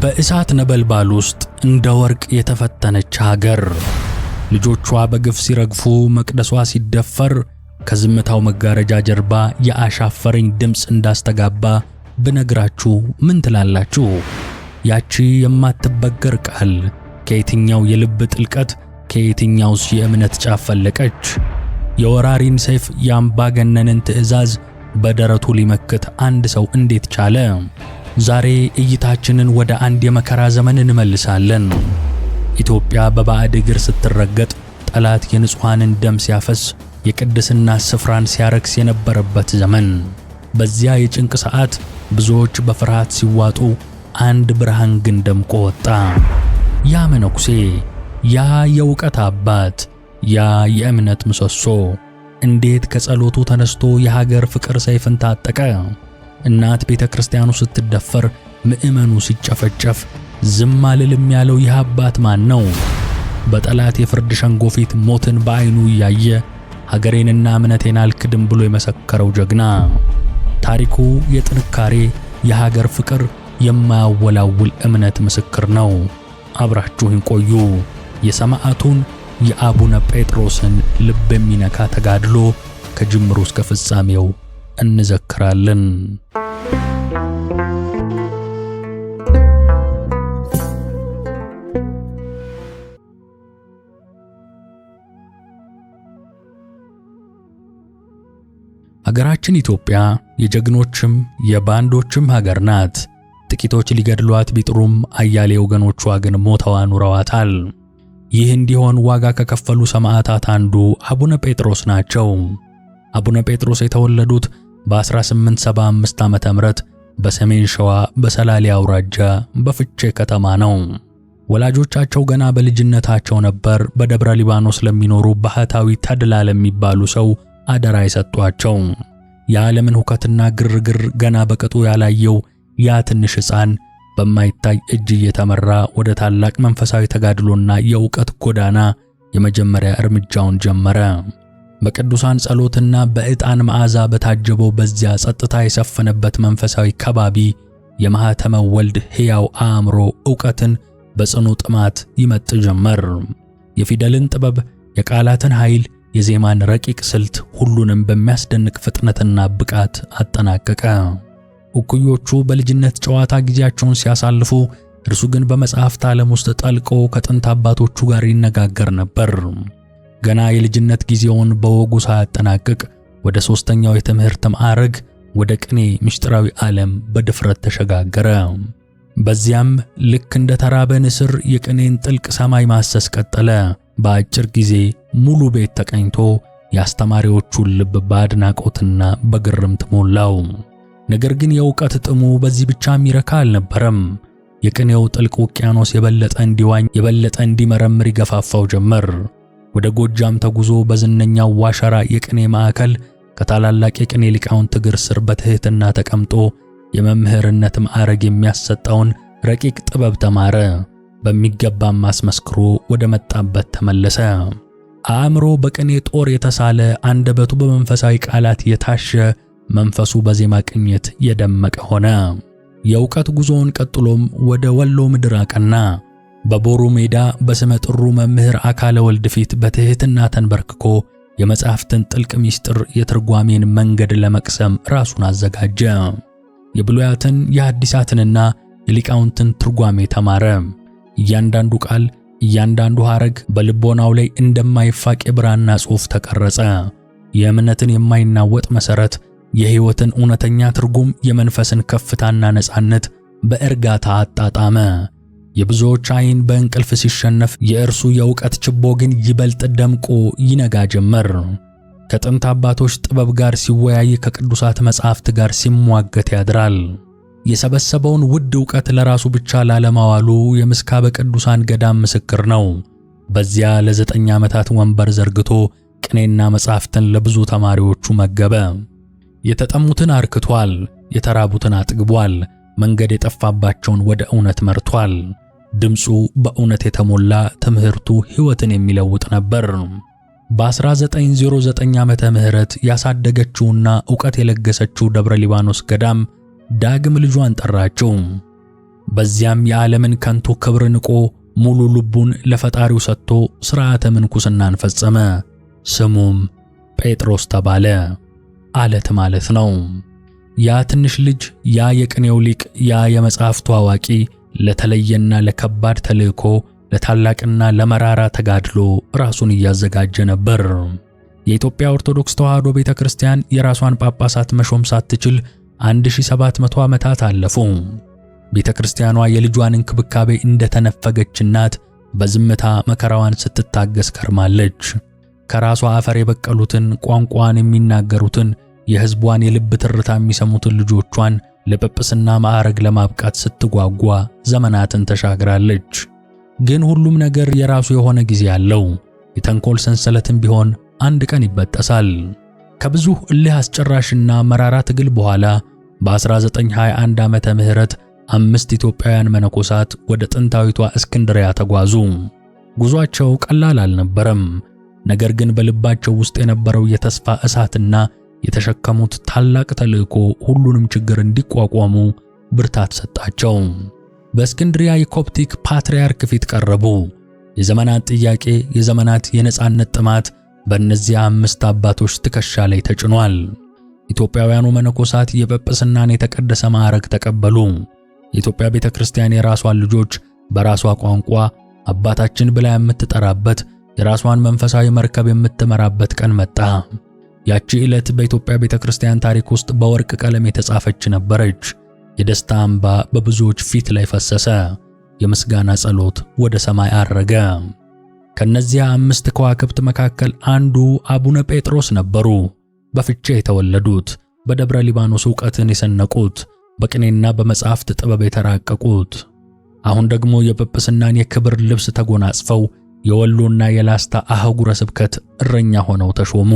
በእሳት ነበልባል ውስጥ እንደ ወርቅ የተፈተነች ሀገር፣ ልጆቿ በግፍ ሲረግፉ፣ መቅደሷ ሲደፈር፣ ከዝምታው መጋረጃ ጀርባ የአሻፈረኝ ድምፅ እንዳስተጋባ ብነግራችሁ ምን ትላላችሁ? ያቺ የማትበገር ቃል ከየትኛው የልብ ጥልቀት ከየትኛውስ የእምነት ጫፍ ፈለቀች? የወራሪን ሰይፍ የአምባገነንን ትዕዛዝ በደረቱ ሊመክት አንድ ሰው እንዴት ቻለ? ዛሬ እይታችንን ወደ አንድ የመከራ ዘመን እንመልሳለን። ኢትዮጵያ በባዕድ እግር ስትረገጥ፣ ጠላት የንጹሐንን ደም ሲያፈስ፣ የቅድስና ስፍራን ሲያረክስ የነበረበት ዘመን። በዚያ የጭንቅ ሰዓት ብዙዎች በፍርሃት ሲዋጡ፣ አንድ ብርሃን ግን ደምቆ ወጣ። ያ መነኩሴ፣ ያ የእውቀት አባት፣ ያ የእምነት ምሰሶ እንዴት ከጸሎቱ ተነስቶ የሀገር ፍቅር ሰይፍን ታጠቀ? እናት ቤተ ክርስቲያኑ ስትደፈር፣ ምእመኑ ሲጨፈጨፍ ዝም አልልም ያለው ይህ አባት ማን ነው? በጠላት የፍርድ ሸንጎ ፊት ሞትን በዓይኑ እያየ ሀገሬንና እምነቴን አልክድም ብሎ የመሰከረው ጀግና። ታሪኩ የጥንካሬ፣ የሀገር ፍቅር፣ የማያወላውል እምነት ምስክር ነው። አብራችሁን ቆዩ። የሰማዕቱን የአቡነ ጴጥሮስን ልብ የሚነካ ተጋድሎ ከጅምሩ እስከ ፍጻሜው እንዘክራለን። ሀገራችን ኢትዮጵያ የጀግኖችም የባንዶችም ሀገር ናት። ጥቂቶች ሊገድሏት ቢጥሩም አያሌ ወገኖቿ ግን ሞተዋ ኑረዋታል። ይህ እንዲሆን ዋጋ ከከፈሉ ሰማዕታት አንዱ አቡነ ጴጥሮስ ናቸው። አቡነ ጴጥሮስ የተወለዱት በ1875 ዓ.ም በሰሜን ሸዋ በሰላሌ አውራጃ በፍቼ ከተማ ነው። ወላጆቻቸው ገና በልጅነታቸው ነበር በደብረ ሊባኖስ ለሚኖሩ ባህታዊ ተድላ ለሚባሉ ሰው አደራ የሰጧቸው። የዓለምን ሁከትና ግርግር ገና በቅጡ ያላየው ያ ትንሽ ሕፃን በማይታይ እጅ እየተመራ ወደ ታላቅ መንፈሳዊ ተጋድሎና የእውቀት ጎዳና የመጀመሪያ እርምጃውን ጀመረ። በቅዱሳን ጸሎትና በዕጣን መዓዛ በታጀበው በዚያ ጸጥታ የሰፈነበት መንፈሳዊ ከባቢ የማኅተመ ወልድ ሕያው አእምሮ ዕውቀትን በጽኑ ጥማት ይመጥ ጀመር። የፊደልን ጥበብ፣ የቃላትን ኃይል፣ የዜማን ረቂቅ ስልት ሁሉንም በሚያስደንቅ ፍጥነትና ብቃት አጠናቀቀ። እኩዮቹ በልጅነት ጨዋታ ጊዜያቸውን ሲያሳልፉ፣ እርሱ ግን በመጻሕፍት ዓለም ውስጥ ጠልቆ ከጥንት አባቶቹ ጋር ይነጋገር ነበር። ገና የልጅነት ጊዜውን በወጉ ሳያጠናቅቅ ወደ ሦስተኛው የትምህርት ማዕረግ ወደ ቅኔ ምስጢራዊ ዓለም በድፍረት ተሸጋገረ። በዚያም ልክ እንደ ተራበ ንስር የቅኔን ጥልቅ ሰማይ ማሰስ ቀጠለ። በአጭር ጊዜ ሙሉ ቤት ተቀኝቶ የአስተማሪዎቹን ልብ በአድናቆትና በግርምት ሞላው። ነገር ግን የእውቀት ጥሙ በዚህ ብቻ የሚረካ አልነበረም። የቅኔው ጥልቅ ውቅያኖስ የበለጠ እንዲዋኝ፣ የበለጠ እንዲመረምር ይገፋፋው ጀመር። ወደ ጎጃም ተጉዞ በዝነኛው ዋሸራ የቅኔ ማዕከል ከታላላቅ የቅኔ ሊቃውንት እግር ስር በትሕትና ተቀምጦ የመምህርነት ማዕረግ የሚያሰጠውን ረቂቅ ጥበብ ተማረ። በሚገባም አስመስክሮ ወደ መጣበት ተመለሰ። አእምሮ በቅኔ ጦር የተሳለ፣ አንደበቱ በመንፈሳዊ ቃላት የታሸ፣ መንፈሱ በዜማ ቅኝት የደመቀ ሆነ። የእውቀት ጉዞውን ቀጥሎም ወደ ወሎ ምድር አቀና። በቦሩ ሜዳ በስመ ጥሩ መምህር አካለ ወልድ ፊት በትሕትና ተንበርክኮ የመጻሕፍትን ጥልቅ ምስጢር የትርጓሜን መንገድ ለመቅሰም ራሱን አዘጋጀ። የብሉያትን የሐዲሳትንና የሊቃውንትን ትርጓሜ ተማረ። እያንዳንዱ ቃል፣ እያንዳንዱ ሐረግ በልቦናው ላይ እንደማይፋቅ የብራና ጽሑፍ ተቀረጸ። የእምነትን የማይናወጥ መሠረት፣ የሕይወትን እውነተኛ ትርጉም፣ የመንፈስን ከፍታና ነፃነት በእርጋታ አጣጣመ። የብዙዎች ዓይን በእንቅልፍ ሲሸነፍ፣ የእርሱ የእውቀት ችቦ ግን ይበልጥ ደምቆ ይነጋ ጀመር። ከጥንት አባቶች ጥበብ ጋር ሲወያይ፣ ከቅዱሳት መጻሕፍት ጋር ሲሟገት ያድራል። የሰበሰበውን ውድ ዕውቀት ለራሱ ብቻ ላለማዋሉ የምስካበ ቅዱሳን ገዳም ምስክር ነው። በዚያ ለዘጠኝ ዓመታት ወንበር ዘርግቶ ቅኔና መጻሕፍትን ለብዙ ተማሪዎቹ መገበ። የተጠሙትን አርክቷል፣ የተራቡትን አጥግቧል፣ መንገድ የጠፋባቸውን ወደ እውነት መርቷል። ድምፁ በእውነት የተሞላ ትምህርቱ ሕይወትን የሚለውጥ ነበር። በ1909 ዓመተ ምህረት ያሳደገችውና ዕውቀት የለገሰችው ደብረ ሊባኖስ ገዳም ዳግም ልጇን ጠራችው። በዚያም የዓለምን ከንቱ ክብር ንቆ ሙሉ ልቡን ለፈጣሪው ሰጥቶ ሥርዓተ ምንኩስናን ፈጸመ። ስሙም ጴጥሮስ ተባለ። ዓለት ማለት ነው። ያ ትንሽ ልጅ፣ ያ የቅኔው ሊቅ፣ ያ የመጻሕፍቱ አዋቂ ለተለየና ለከባድ ተልእኮ፣ ለታላቅና ለመራራ ተጋድሎ ራሱን እያዘጋጀ ነበር። የኢትዮጵያ ኦርቶዶክስ ተዋሕዶ ቤተ ክርስቲያን የራሷን ጳጳሳት መሾም ሳትችል 1700 ዓመታት አለፉ። ቤተ ክርስቲያኗ የልጇን እንክብካቤ እንደተነፈገች እናት በዝምታ መከራዋን ስትታገስ ከርማለች። ከራሷ አፈር የበቀሉትን ቋንቋዋን የሚናገሩትን የህዝቧን የልብ ትርታ የሚሰሙትን ልጆቿን ለጵጵስና ማዕረግ ለማብቃት ስትጓጓ ዘመናትን ተሻግራለች። ግን ሁሉም ነገር የራሱ የሆነ ጊዜ አለው። የተንኮል ሰንሰለትም ቢሆን አንድ ቀን ይበጠሳል። ከብዙ እልህ አስጨራሽና መራራ ትግል በኋላ በ1921 ዓመተ ምህረት አምስት ኢትዮጵያውያን መነኮሳት ወደ ጥንታዊቷ እስክንድሪያ ተጓዙ። ጉዟቸው ቀላል አልነበረም። ነገር ግን በልባቸው ውስጥ የነበረው የተስፋ እሳትና የተሸከሙት ታላቅ ተልእኮ ሁሉንም ችግር እንዲቋቋሙ ብርታት ሰጣቸው። በእስክንድሪያ የኮፕቲክ ፓትርያርክ ፊት ቀረቡ። የዘመናት ጥያቄ፣ የዘመናት የነጻነት ጥማት በእነዚያ አምስት አባቶች ትከሻ ላይ ተጭኗል። ኢትዮጵያውያኑ መነኮሳት የጵጵስናን የተቀደሰ ማዕረግ ተቀበሉ። የኢትዮጵያ ቤተ ክርስቲያን የራሷን ልጆች በራሷ ቋንቋ አባታችን ብላ የምትጠራበት የራሷን መንፈሳዊ መርከብ የምትመራበት ቀን መጣ። ያቺ ዕለት በኢትዮጵያ ቤተ ክርስቲያን ታሪክ ውስጥ በወርቅ ቀለም የተጻፈች ነበረች። የደስታ አምባ በብዙዎች ፊት ላይ ፈሰሰ። የምስጋና ጸሎት ወደ ሰማይ አረገ። ከነዚያ አምስት ከዋክብት መካከል አንዱ አቡነ ጴጥሮስ ነበሩ። በፍቼ የተወለዱት፣ በደብረ ሊባኖስ ዕውቀትን የሰነቁት፣ በቅኔና በመጻሕፍት ጥበብ የተራቀቁት አሁን ደግሞ የጵጵስናን የክብር ልብስ ተጎናጽፈው የወሎና የላስታ አህጉረ ስብከት እረኛ ሆነው ተሾሙ።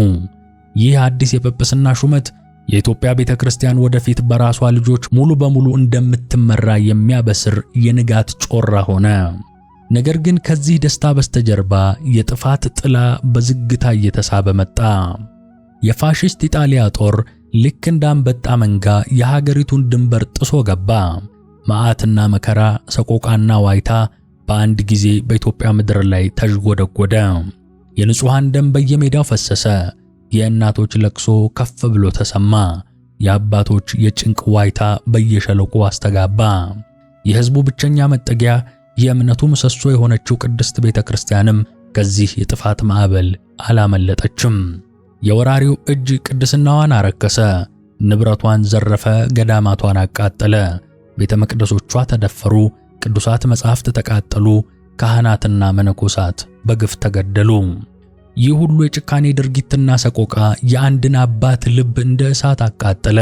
ይህ አዲስ የጵጵስና ሹመት የኢትዮጵያ ቤተ ክርስቲያን ወደፊት በራሷ ልጆች ሙሉ በሙሉ እንደምትመራ የሚያበስር የንጋት ጮራ ሆነ። ነገር ግን ከዚህ ደስታ በስተጀርባ የጥፋት ጥላ በዝግታ እየተሳበ መጣ። የፋሽስት ኢጣሊያ ጦር ልክ እንደ አንበጣ መንጋ የሀገሪቱን ድንበር ጥሶ ገባ። መዓትና መከራ፣ ሰቆቃና ዋይታ በአንድ ጊዜ በኢትዮጵያ ምድር ላይ ተዥጎደጎደ። የንጹሐን ደም በየሜዳው ፈሰሰ። የእናቶች ለቅሶ ከፍ ብሎ ተሰማ። የአባቶች የጭንቅ ዋይታ በየሸለቆ አስተጋባ። የሕዝቡ ብቸኛ መጠጊያ፣ የእምነቱ ምሰሶ የሆነችው ቅድስት ቤተክርስቲያንም ከዚህ የጥፋት ማዕበል አላመለጠችም። የወራሪው እጅ ቅድስናዋን አረከሰ፣ ንብረቷን ዘረፈ፣ ገዳማቷን አቃጠለ፣ ቤተ መቅደሶቿ ተደፈሩ፣ ቅዱሳት መጻሕፍት ተቃጠሉ፣ ካህናትና መነኮሳት በግፍ ተገደሉ። ይህ ሁሉ የጭካኔ ድርጊትና ሰቆቃ የአንድን አባት ልብ እንደ እሳት አቃጠለ።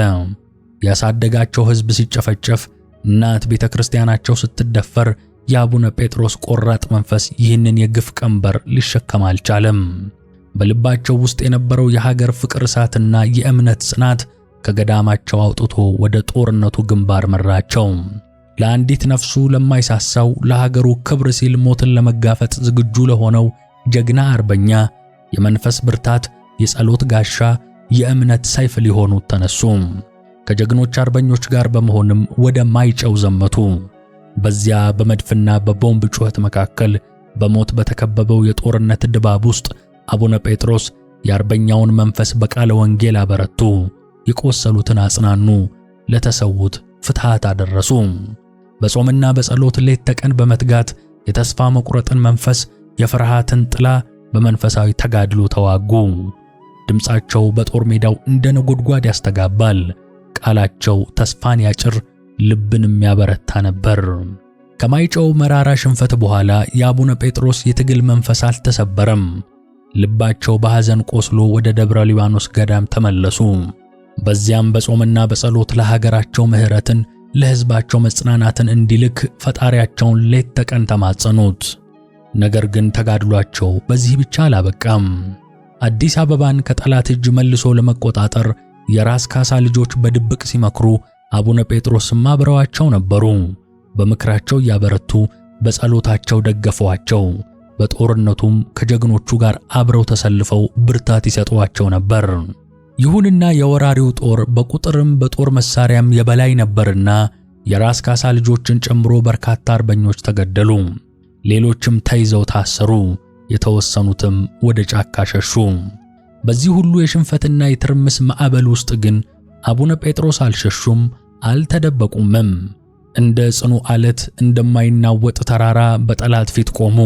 ያሳደጋቸው ሕዝብ ሲጨፈጨፍ፣ እናት ቤተ ክርስቲያናቸው ስትደፈር፣ የአቡነ ጴጥሮስ ቆራጥ መንፈስ ይህንን የግፍ ቀንበር ሊሸከም አልቻለም። በልባቸው ውስጥ የነበረው የሀገር ፍቅር እሳትና የእምነት ጽናት ከገዳማቸው አውጥቶ ወደ ጦርነቱ ግንባር መራቸው። ለአንዲት ነፍሱ ለማይሳሳው ለሀገሩ ክብር ሲል ሞትን ለመጋፈጥ ዝግጁ ለሆነው ጀግና አርበኛ የመንፈስ ብርታት፣ የጸሎት ጋሻ፣ የእምነት ሰይፍ ሊሆኑ ተነሱ። ከጀግኖች አርበኞች ጋር በመሆንም ወደ ማይጨው ዘመቱ። በዚያ በመድፍና በቦምብ ጩኸት መካከል በሞት በተከበበው የጦርነት ድባብ ውስጥ አቡነ ጴጥሮስ የአርበኛውን መንፈስ በቃለ ወንጌል አበረቱ፣ የቆሰሉትን አጽናኑ፣ ለተሰዉት ፍትሃት አደረሱ። በጾምና በጸሎት ሌት ተቀን በመትጋት የተስፋ መቁረጥን መንፈስ፣ የፍርሃትን ጥላ፣ በመንፈሳዊ ተጋድሎ ተዋጉ። ድምፃቸው በጦር ሜዳው እንደ ነጎድጓድ ያስተጋባል። ቃላቸው ተስፋን ያጭር፣ ልብን የሚያበረታ ነበር። ከማይጨው መራራ ሽንፈት በኋላ የአቡነ ጴጥሮስ የትግል መንፈስ አልተሰበረም። ልባቸው በሐዘን ቆስሎ ወደ ደብረ ሊባኖስ ገዳም ተመለሱ። በዚያም በጾምና በጸሎት ለሀገራቸው ምሕረትን ለሕዝባቸው መጽናናትን እንዲልክ ፈጣሪያቸውን ሌት ተቀን ተማጸኑት። ነገር ግን ተጋድሏቸው በዚህ ብቻ አላበቃም። አዲስ አበባን ከጠላት እጅ መልሶ ለመቆጣጠር የራስ ካሳ ልጆች በድብቅ ሲመክሩ፣ አቡነ ጴጥሮስም አብረዋቸው ነበሩ። በምክራቸው እያበረቱ፣ በጸሎታቸው ደገፈዋቸው። በጦርነቱም ከጀግኖቹ ጋር አብረው ተሰልፈው ብርታት ይሰጠዋቸው ነበር። ይሁንና የወራሪው ጦር በቁጥርም በጦር መሳሪያም የበላይ ነበርና የራስ ካሳ ልጆችን ጨምሮ በርካታ አርበኞች ተገደሉ። ሌሎችም ተይዘው ታሰሩ፣ የተወሰኑትም ወደ ጫካ ሸሹ። በዚህ ሁሉ የሽንፈትና የትርምስ ማዕበል ውስጥ ግን አቡነ ጴጥሮስ አልሸሹም፣ አልተደበቁምም። እንደ ጽኑ ዓለት እንደማይናወጥ ተራራ በጠላት ፊት ቆሙ።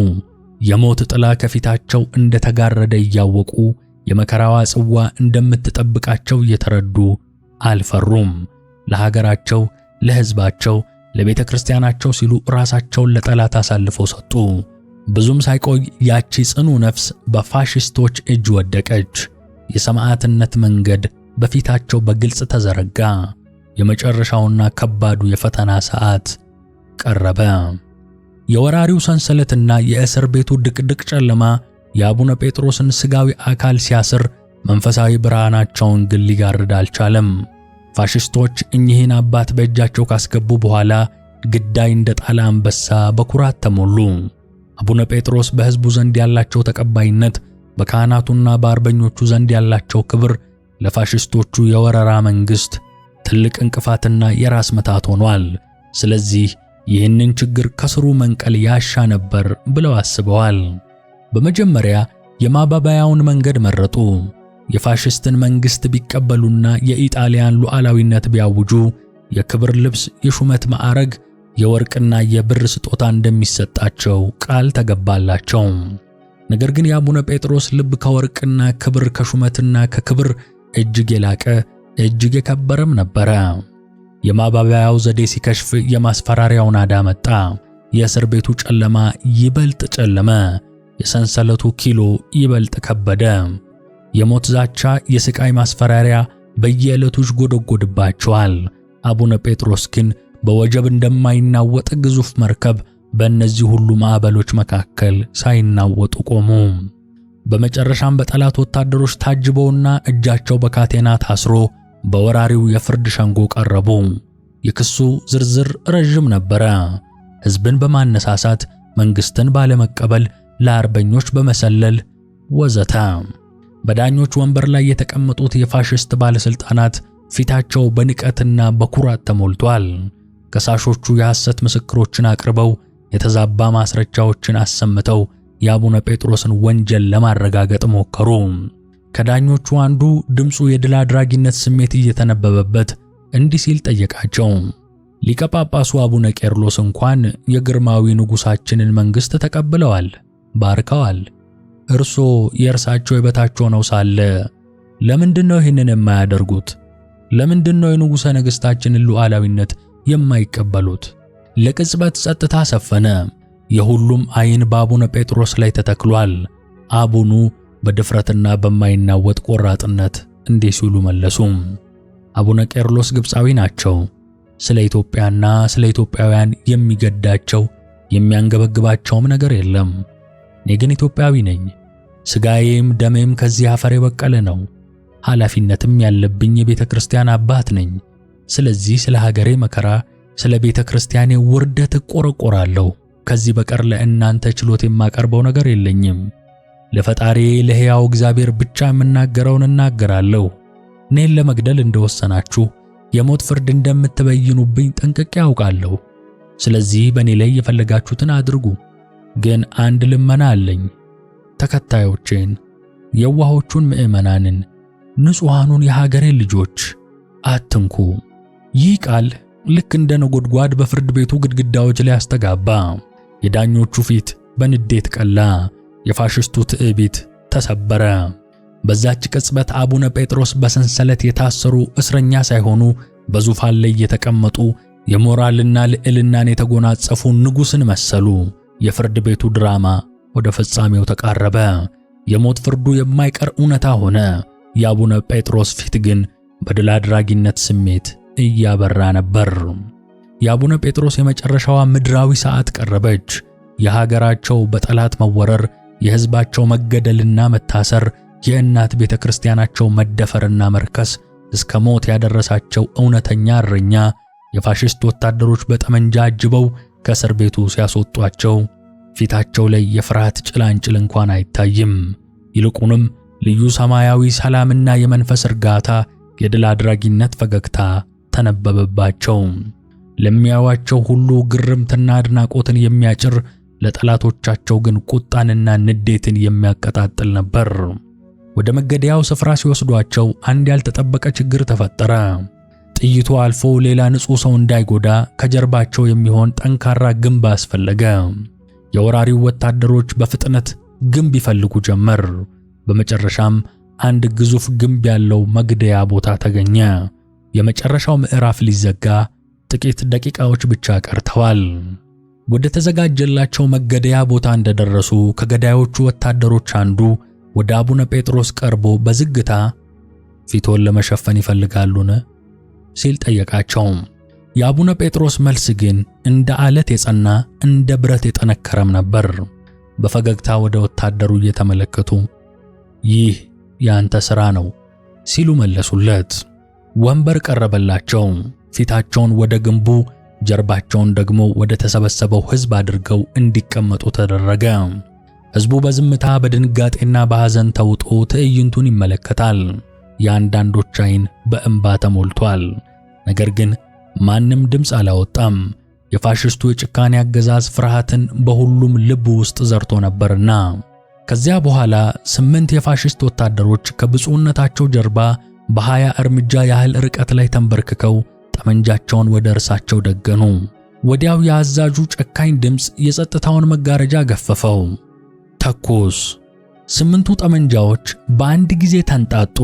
የሞት ጥላ ከፊታቸው እንደተጋረደ እያወቁ የመከራዋ ጽዋ እንደምትጠብቃቸው እየተረዱ አልፈሩም። ለሀገራቸው፣ ለሕዝባቸው ለቤተ ክርስቲያናቸው ሲሉ ራሳቸውን ለጠላት አሳልፈው ሰጡ። ብዙም ሳይቆይ ያቺ ጽኑ ነፍስ በፋሽስቶች እጅ ወደቀች። የሰማዕትነት መንገድ በፊታቸው በግልጽ ተዘረጋ። የመጨረሻውና ከባዱ የፈተና ሰዓት ቀረበ። የወራሪው ሰንሰለትና የእስር ቤቱ ድቅድቅ ጨለማ የአቡነ ጴጥሮስን ሥጋዊ አካል ሲያስር፣ መንፈሳዊ ብርሃናቸውን ግን ሊጋርድ አልቻለም። ፋሽስቶች እኚህን አባት በእጃቸው ካስገቡ በኋላ ግዳይ እንደ ጣለ አንበሳ በኩራት ተሞሉ። አቡነ ጴጥሮስ በሕዝቡ ዘንድ ያላቸው ተቀባይነት፣ በካህናቱና በአርበኞቹ ዘንድ ያላቸው ክብር ለፋሽስቶቹ የወረራ መንግሥት ትልቅ እንቅፋትና የራስ መታት ሆኗል። ስለዚህ ይህንን ችግር ከስሩ መንቀል ያሻ ነበር ብለው አስበዋል። በመጀመሪያ የማባበያውን መንገድ መረጡ። የፋሽስትን መንግሥት ቢቀበሉና የኢጣሊያን ሉዓላዊነት ቢያውጁ የክብር ልብስ፣ የሹመት ማዕረግ፣ የወርቅና የብር ስጦታ እንደሚሰጣቸው ቃል ተገባላቸው። ነገር ግን የአቡነ ጴጥሮስ ልብ ከወርቅና ክብር ከሹመትና ከክብር እጅግ የላቀ እጅግ የከበረም ነበረ። የማባበያው ዘዴ ሲከሽፍ የማስፈራሪያው ናዳ መጣ። የእስር ቤቱ ጨለማ ይበልጥ ጨለመ። የሰንሰለቱ ኪሎ ይበልጥ ከበደ። የሞት ዛቻ፣ የስቃይ ማስፈራሪያ በየዕለቱ ይጎደጎድባቸዋል። አቡነ ጴጥሮስ ግን በወጀብ እንደማይናወጥ ግዙፍ መርከብ በእነዚህ ሁሉ ማዕበሎች መካከል ሳይናወጡ ቆሙ። በመጨረሻም በጠላት ወታደሮች ታጅበውና እጃቸው በካቴና ታስሮ በወራሪው የፍርድ ሸንጎ ቀረቡ። የክሱ ዝርዝር ረዥም ነበረ። ሕዝብን በማነሳሳት መንግሥትን ባለመቀበል፣ ለአርበኞች በመሰለል ወዘታ! በዳኞች ወንበር ላይ የተቀመጡት የፋሽስት ባለስልጣናት ፊታቸው በንቀትና በኩራት ተሞልቷል። ከሳሾቹ የሐሰት ምስክሮችን አቅርበው የተዛባ ማስረጃዎችን አሰምተው የአቡነ ጴጥሮስን ወንጀል ለማረጋገጥ ሞከሩ። ከዳኞቹ አንዱ ድምፁ የድል አድራጊነት ስሜት እየተነበበበት እንዲህ ሲል ጠየቃቸው። ሊቀ ጳጳሱ አቡነ ቄርሎስ እንኳን የግርማዊ ንጉሳችንን መንግሥት ተቀብለዋል፣ ባርከዋል እርሶ የእርሳቸው የበታቸው ነው ሳለ ለምንድን ነው ይህንን የማያደርጉት? ለምንድን ነው የንጉሠ ነገሥታችንን ሉዓላዊነት የማይቀበሉት? ለቅጽበት ጸጥታ ሰፈነ። የሁሉም አይን በአቡነ ጴጥሮስ ላይ ተተክሏል። አቡኑ በድፍረትና በማይናወጥ ቆራጥነት እንዲህ ሲሉ መለሱ። አቡነ ቄርሎስ ግብፃዊ ናቸው። ስለ ኢትዮጵያና ስለ ኢትዮጵያውያን የሚገዳቸው የሚያንገበግባቸውም ነገር የለም። እኔ ግን ኢትዮጵያዊ ነኝ። ሥጋዬም ደሜም ከዚህ አፈር የበቀለ ነው። ኃላፊነትም ያለብኝ የቤተ ክርስቲያን አባት ነኝ። ስለዚህ ስለ ሀገሬ መከራ፣ ስለ ቤተ ክርስቲያኔ ውርደት እቆረቆራለሁ። ከዚህ በቀር ለእናንተ ችሎት የማቀርበው ነገር የለኝም። ለፈጣሪ ለሕያው እግዚአብሔር ብቻ የምናገረውን እናገራለሁ። እኔን ለመግደል እንደወሰናችሁ የሞት ፍርድ እንደምትበይኑብኝ ጠንቅቄ አውቃለሁ። ስለዚህ በእኔ ላይ የፈለጋችሁትን አድርጉ። ግን አንድ ልመና አለኝ። ተከታዮቼን፣ የዋሆቹን ምዕመናንን፣ ንጹሐኑን የሀገሬን ልጆች አትንኩ። ይህ ቃል ልክ እንደ ነጎድጓድ በፍርድ ቤቱ ግድግዳዎች ላይ አስተጋባ። የዳኞቹ ፊት በንዴት ቀላ፣ የፋሽስቱ ትዕቢት ተሰበረ። በዛች ቅጽበት አቡነ ጴጥሮስ በሰንሰለት የታሰሩ እስረኛ ሳይሆኑ በዙፋን ላይ የተቀመጡ የሞራልና ልዕልናን የተጎናጸፉ ንጉሥን መሰሉ። የፍርድ ቤቱ ድራማ ወደ ፍጻሜው ተቃረበ። የሞት ፍርዱ የማይቀር እውነታ ሆነ። የአቡነ ጴጥሮስ ፊት ግን በድል አድራጊነት ስሜት እያበራ ነበር። የአቡነ ጴጥሮስ የመጨረሻዋ ምድራዊ ሰዓት ቀረበች። የሀገራቸው በጠላት መወረር፣ የሕዝባቸው መገደልና መታሰር፣ የእናት ቤተ ክርስቲያናቸው መደፈርና መርከስ እስከ ሞት ያደረሳቸው እውነተኛ እረኛ የፋሽስት ወታደሮች በጠመንጃ አጅበው ከእስር ቤቱ ሲያስወጧቸው ፊታቸው ላይ የፍርሃት ጭላንጭል እንኳን አይታይም። ይልቁንም ልዩ ሰማያዊ ሰላምና የመንፈስ እርጋታ፣ የድል አድራጊነት ፈገግታ ተነበበባቸው። ለሚያዩአቸው ሁሉ ግርምትና አድናቆትን የሚያጭር ለጠላቶቻቸው ግን ቁጣንና ንዴትን የሚያቀጣጥል ነበር። ወደ መገደያው ስፍራ ሲወስዷቸው አንድ ያልተጠበቀ ችግር ተፈጠረ። ጥይቱ አልፎ ሌላ ንጹሕ ሰው እንዳይጎዳ ከጀርባቸው የሚሆን ጠንካራ ግንብ አስፈለገ። የወራሪው ወታደሮች በፍጥነት ግንብ ይፈልጉ ጀመር። በመጨረሻም አንድ ግዙፍ ግንብ ያለው መግደያ ቦታ ተገኘ። የመጨረሻው ምዕራፍ ሊዘጋ ጥቂት ደቂቃዎች ብቻ ቀርተዋል። ወደ ተዘጋጀላቸው መገደያ ቦታ እንደደረሱ ከገዳዮቹ ወታደሮች አንዱ ወደ አቡነ ጴጥሮስ ቀርቦ በዝግታ ፊቶን ለመሸፈን ይፈልጋሉን? ሲል ጠየቃቸው። የአቡነ ጴጥሮስ መልስ ግን እንደ አለት የጸና እንደ ብረት የጠነከረም ነበር። በፈገግታ ወደ ወታደሩ እየተመለከቱ ይህ ያንተ ሥራ ነው ሲሉ መለሱለት። ወንበር ቀረበላቸው። ፊታቸውን ወደ ግንቡ፣ ጀርባቸውን ደግሞ ወደ ተሰበሰበው ሕዝብ አድርገው እንዲቀመጡ ተደረገ። ሕዝቡ በዝምታ በድንጋጤና በሐዘን ተውጦ ትዕይንቱን ይመለከታል። የአንዳንዶች ዓይን በእንባ ተሞልቷል። ነገር ግን ማንም ድምፅ አላወጣም። የፋሽስቱ የጭካኔ አገዛዝ ፍርሃትን በሁሉም ልብ ውስጥ ዘርቶ ነበርና። ከዚያ በኋላ ስምንት የፋሽስት ወታደሮች ከብፁዕነታቸው ጀርባ በሃያ እርምጃ ያህል ርቀት ላይ ተንበርክከው ጠመንጃቸውን ወደ እርሳቸው ደገኑ። ወዲያው የአዛዡ ጨካኝ ድምፅ የጸጥታውን መጋረጃ ገፈፈው። ተኩስ! ስምንቱ ጠመንጃዎች በአንድ ጊዜ ተንጣጡ።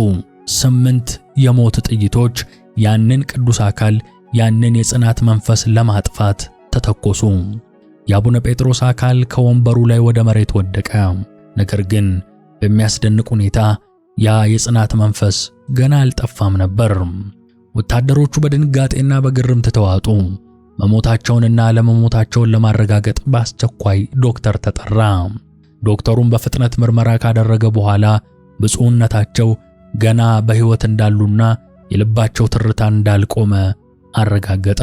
ስምንት የሞት ጥይቶች ያንን ቅዱስ አካል ያንን የጽናት መንፈስ ለማጥፋት ተተኮሱ። የአቡነ ጴጥሮስ አካል ከወንበሩ ላይ ወደ መሬት ወደቀ። ነገር ግን በሚያስደንቅ ሁኔታ ያ የጽናት መንፈስ ገና አልጠፋም ነበር። ወታደሮቹ በድንጋጤና በግርምት ተዋጡ። መሞታቸውንና ለመሞታቸውን ለማረጋገጥ በአስቸኳይ ዶክተር ተጠራ። ዶክተሩም በፍጥነት ምርመራ ካደረገ በኋላ ብፁዕነታቸው ገና በሕይወት እንዳሉና የልባቸው ትርታ እንዳልቆመ አረጋገጠ።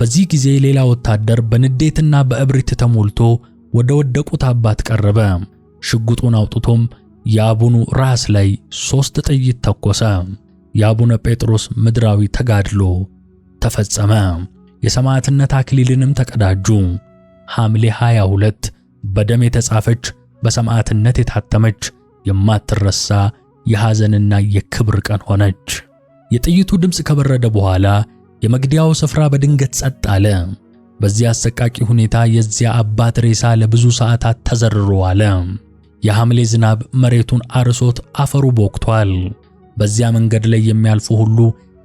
በዚህ ጊዜ ሌላ ወታደር በንዴትና በእብሪት ተሞልቶ ወደ ወደቁት አባት ቀረበ። ሽጉጡን አውጥቶም የአቡኑ ራስ ላይ ሦስት ጥይት ተኮሰ። የአቡነ ጴጥሮስ ምድራዊ ተጋድሎ ተፈጸመ። የሰማዕትነት አክሊልንም ተቀዳጁ። ሐምሌ 22 በደም የተጻፈች በሰማዕትነት የታተመች የማትረሳ የሐዘንና የክብር ቀን ሆነች። የጥይቱ ድምፅ ከበረደ በኋላ የመግደያው ስፍራ በድንገት ጸጥ አለ። በዚያ አሰቃቂ ሁኔታ የዚያ አባት ሬሳ ለብዙ ሰዓታት ተዘርሮ አለ። የሐምሌ ዝናብ መሬቱን አርሶት አፈሩ ቦክቷል። በዚያ መንገድ ላይ የሚያልፉ ሁሉ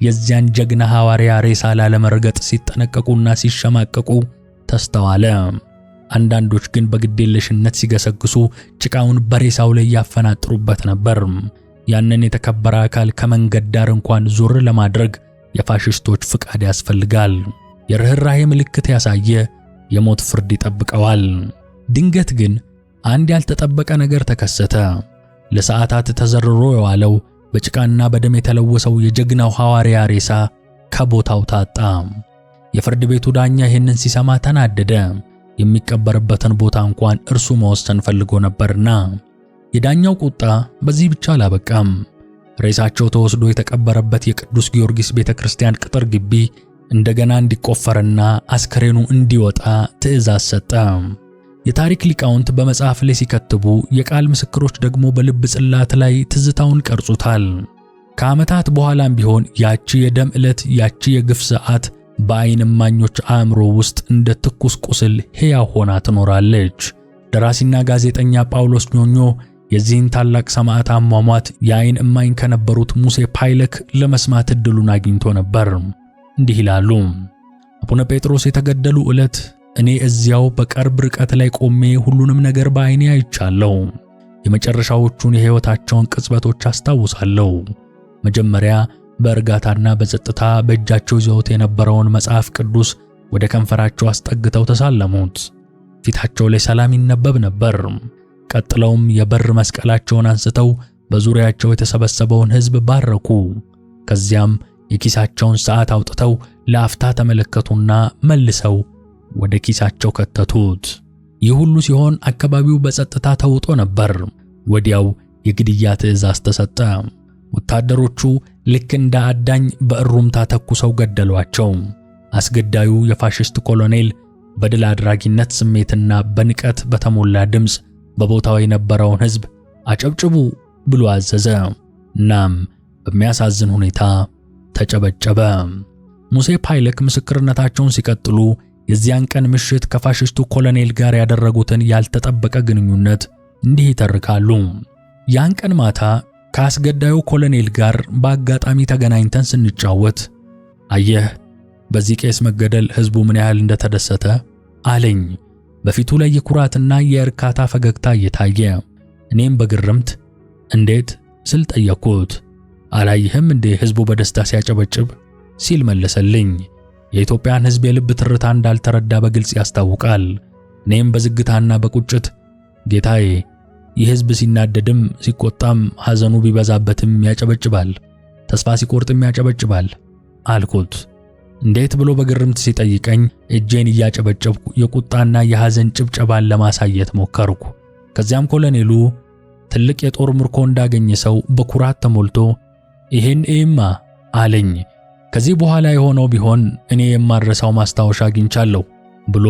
የዚያን ጀግና ሐዋርያ ሬሳ ላለመርገጥ ሲጠነቀቁና ሲሸማቀቁ ተስተዋለ። አንዳንዶች ግን በግዴለሽነት ሲገሰግሱ ጭቃውን በሬሳው ላይ ያፈናጥሩበት ነበር። ያንን የተከበረ አካል ከመንገድ ዳር እንኳን ዞር ለማድረግ የፋሽስቶች ፍቃድ ያስፈልጋል። የርኅራኄ ምልክት ያሳየ የሞት ፍርድ ይጠብቀዋል። ድንገት ግን አንድ ያልተጠበቀ ነገር ተከሰተ። ለሰዓታት ተዘርሮ የዋለው በጭቃና በደም የተለወሰው የጀግናው ሐዋርያ ሬሳ ከቦታው ታጣ። የፍርድ ቤቱ ዳኛ ይህንን ሲሰማ ተናደደ። የሚቀበርበትን ቦታ እንኳን እርሱ መወሰን ፈልጎ ነበርና የዳኛው ቁጣ በዚህ ብቻ አላበቃም። ሬሳቸው ተወስዶ የተቀበረበት የቅዱስ ጊዮርጊስ ቤተክርስቲያን ቅጥር ግቢ እንደገና እንዲቆፈርና አስከሬኑ እንዲወጣ ትእዛዝ ሰጠ። የታሪክ ሊቃውንት በመጽሐፍ ላይ ሲከትቡ፣ የቃል ምስክሮች ደግሞ በልብ ጽላት ላይ ትዝታውን ቀርጹታል። ከዓመታት በኋላም ቢሆን ያቺ የደም ዕለት፣ ያቺ የግፍ ሰዓት በዓይን እማኞች አእምሮ ውስጥ እንደ ትኩስ ቁስል ሕያው ሆና ትኖራለች። ደራሲና ጋዜጠኛ ጳውሎስ ኞኞ የዚህን ታላቅ ሰማዕት አሟሟት የዓይን እማኝ ከነበሩት ሙሴ ፓይለክ ለመስማት ዕድሉን አግኝቶ ነበር። እንዲህ ይላሉ። አቡነ ጴጥሮስ የተገደሉ ዕለት እኔ እዚያው በቅርብ ርቀት ላይ ቆሜ ሁሉንም ነገር በዓይኔ አይቻለሁ። የመጨረሻዎቹን የሕይወታቸውን ቅጽበቶች አስታውሳለሁ። መጀመሪያ በእርጋታና በጸጥታ በእጃቸው ይዘውት የነበረውን መጽሐፍ ቅዱስ ወደ ከንፈራቸው አስጠግተው ተሳለሙት። ፊታቸው ላይ ሰላም ይነበብ ነበር። ቀጥለውም የበር መስቀላቸውን አንስተው በዙሪያቸው የተሰበሰበውን ሕዝብ ባረኩ። ከዚያም የኪሳቸውን ሰዓት አውጥተው ለአፍታ ተመለከቱና መልሰው ወደ ኪሳቸው ከተቱት። ይህ ሁሉ ሲሆን አካባቢው በጸጥታ ተውጦ ነበር። ወዲያው የግድያ ትዕዛዝ ተሰጠ። ወታደሮቹ ልክ እንደ አዳኝ በእሩምታ ተኩሰው ገደሏቸው። አስገዳዩ የፋሽስት ኮሎኔል በድል አድራጊነት ስሜትና በንቀት በተሞላ ድምፅ በቦታው የነበረውን ሕዝብ አጨብጭቡ ብሎ አዘዘ። እናም በሚያሳዝን ሁኔታ ተጨበጨበ። ሙሴ ፓይለክ ምስክርነታቸውን ሲቀጥሉ የዚያን ቀን ምሽት ከፋሽስቱ ኮሎኔል ጋር ያደረጉትን ያልተጠበቀ ግንኙነት እንዲህ ይተርካሉ። ያን ቀን ማታ ከአስገዳዩ ኮሎኔል ጋር በአጋጣሚ ተገናኝተን ስንጫወት አየህ፣ በዚህ ቄስ መገደል ሕዝቡ ምን ያህል እንደተደሰተ አለኝ በፊቱ ላይ የኩራትና የእርካታ ፈገግታ እየታየ እኔም በግርምት እንዴት ስል ጠየቅኩት። አላይህም እንዴ ህዝቡ በደስታ ሲያጨበጭብ ሲል መለሰልኝ። የኢትዮጵያን ህዝብ የልብ ትርታ እንዳልተረዳ በግልጽ ያስታውቃል። እኔም በዝግታና በቁጭት ጌታዬ፣ ይህ ሲናደድም ሲቆጣም ሐዘኑ ቢበዛበትም ያጨበጭባል፣ ተስፋ ሲቆርጥም ያጨበጭባል አልኩት። እንዴት ብሎ በግርምት ሲጠይቀኝ እጄን እያጨበጨብኩ የቁጣና የሐዘን ጭብጨባን ለማሳየት ሞከርኩ። ከዚያም ኮሎኔሉ ትልቅ የጦር ምርኮ እንዳገኘ ሰው በኩራት ተሞልቶ ይህን እይማ አለኝ። ከዚህ በኋላ የሆነው ቢሆን እኔ የማረሳው ማስታወሻ አግኝቻለሁ ብሎ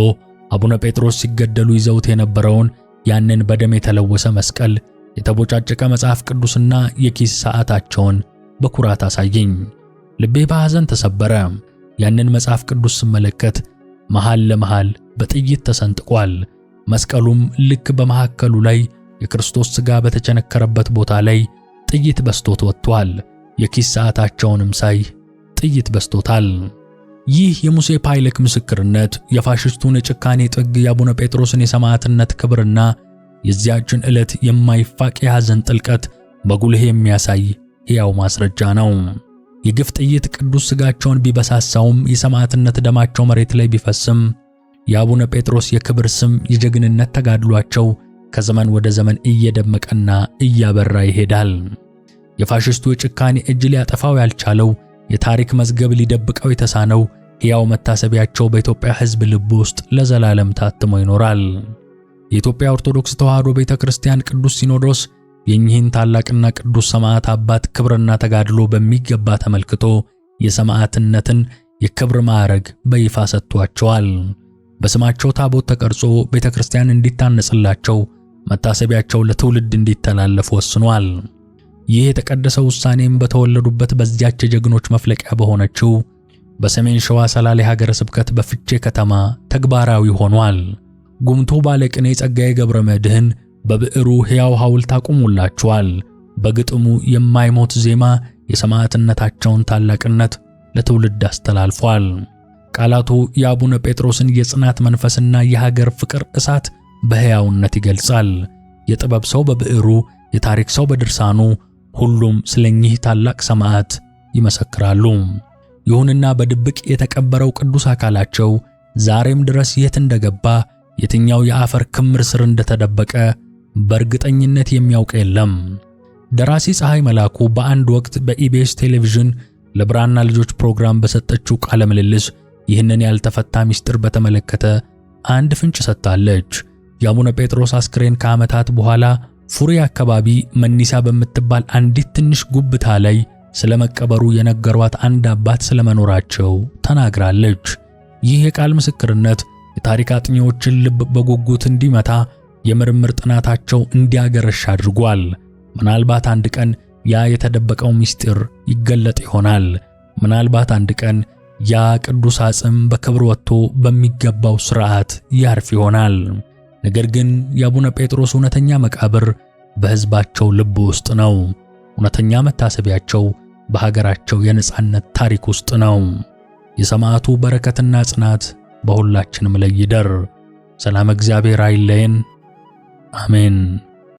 አቡነ ጴጥሮስ ሲገደሉ ይዘውት የነበረውን ያንን በደም የተለወሰ መስቀል፣ የተቦጫጨቀ መጽሐፍ ቅዱስና የኪስ ሰዓታቸውን በኩራት አሳየኝ። ልቤ በሐዘን ተሰበረ። ያንን መጽሐፍ ቅዱስ ስመለከት መሃል ለመሃል በጥይት ተሰንጥቋል። መስቀሉም ልክ በመሐከሉ ላይ የክርስቶስ ሥጋ በተቸነከረበት ቦታ ላይ ጥይት በስቶት ወጥቷል። የኪስ ሰዓታቸውንም ሳይ ጥይት በስቶታል። ይህ የሙሴ ፓይለክ ምስክርነት የፋሽስቱን የጭካኔ ጥግ፣ የአቡነ ጴጥሮስን የሰማዕትነት ክብርና የዚያችን ዕለት የማይፋቅ የሐዘን ጥልቀት በጉልህ የሚያሳይ ሕያው ማስረጃ ነው። የግፍ ጥይት ቅዱስ ሥጋቸውን ቢበሳሳውም የሰማዕትነት ደማቸው መሬት ላይ ቢፈስም የአቡነ ጴጥሮስ የክብር ስም የጀግንነት ተጋድሏቸው ከዘመን ወደ ዘመን እየደመቀና እያበራ ይሄዳል። የፋሽስቱ የጭካኔ እጅ ሊያጠፋው ያልቻለው የታሪክ መዝገብ ሊደብቀው የተሳነው ሕያው መታሰቢያቸው በኢትዮጵያ ሕዝብ ልብ ውስጥ ለዘላለም ታትሞ ይኖራል። የኢትዮጵያ ኦርቶዶክስ ተዋሕዶ ቤተ ክርስቲያን ቅዱስ ሲኖዶስ የእኚህን ታላቅና ቅዱስ ሰማዕት አባት ክብርና ተጋድሎ በሚገባ ተመልክቶ የሰማዕትነትን የክብር ማዕረግ በይፋ ሰጥቷቸዋል። በስማቸው ታቦት ተቀርጾ ቤተ ክርስቲያን እንዲታነጽላቸው፣ መታሰቢያቸው ለትውልድ እንዲተላለፍ ወስኗል። ይህ የተቀደሰ ውሳኔም በተወለዱበት በዚያች የጀግኖች መፍለቂያ በሆነችው በሰሜን ሸዋ ሰላሌ ሀገረ ስብከት በፍቼ ከተማ ተግባራዊ ሆኗል። ጉምቱ ባለቅኔ ጸጋዬ ገብረ መድኅን በብዕሩ ሕያው ሐውልት አቁሞላቸዋል። በግጥሙ የማይሞት ዜማ የሰማዕትነታቸውን ታላቅነት ለትውልድ አስተላልፏል። ቃላቱ የአቡነ ጴጥሮስን የጽናት መንፈስና የሀገር ፍቅር እሳት በሕያውነት ይገልጻል። የጥበብ ሰው በብዕሩ፣ የታሪክ ሰው በድርሳኑ፣ ሁሉም ስለኚህ ታላቅ ሰማዕት ይመሰክራሉ። ይሁንና በድብቅ የተቀበረው ቅዱስ አካላቸው ዛሬም ድረስ የት እንደገባ፣ የትኛው የአፈር ክምር ስር እንደተደበቀ በእርግጠኝነት የሚያውቅ የለም። ደራሲ ፀሐይ መላኩ በአንድ ወቅት በኢቢኤስ ቴሌቪዥን ለብራና ልጆች ፕሮግራም በሰጠችው ቃለ ምልልስ ይህንን ያልተፈታ ምስጢር በተመለከተ አንድ ፍንጭ ሰጥታለች። የአቡነ ጴጥሮስ አስክሬን ከዓመታት በኋላ ፉሪ አካባቢ መኒሳ በምትባል አንዲት ትንሽ ጉብታ ላይ ስለመቀበሩ የነገሯት አንድ አባት ስለመኖራቸው ተናግራለች። ይህ የቃል ምስክርነት የታሪክ አጥኚዎችን ልብ በጉጉት እንዲመታ የምርምር ጥናታቸው እንዲያገረሽ አድርጓል። ምናልባት አንድ ቀን ያ የተደበቀው ምስጢር ይገለጥ ይሆናል። ምናልባት አንድ ቀን ያ ቅዱስ አጽም በክብር ወጥቶ በሚገባው ሥርዓት ያርፍ ይሆናል። ነገር ግን የአቡነ ጴጥሮስ እውነተኛ መቃብር በሕዝባቸው ልብ ውስጥ ነው። እውነተኛ መታሰቢያቸው በሀገራቸው የነጻነት ታሪክ ውስጥ ነው። የሰማዕቱ በረከትና ጽናት በሁላችንም ላይ ይደር። ሰላም እግዚአብሔር አይለየን። Amen.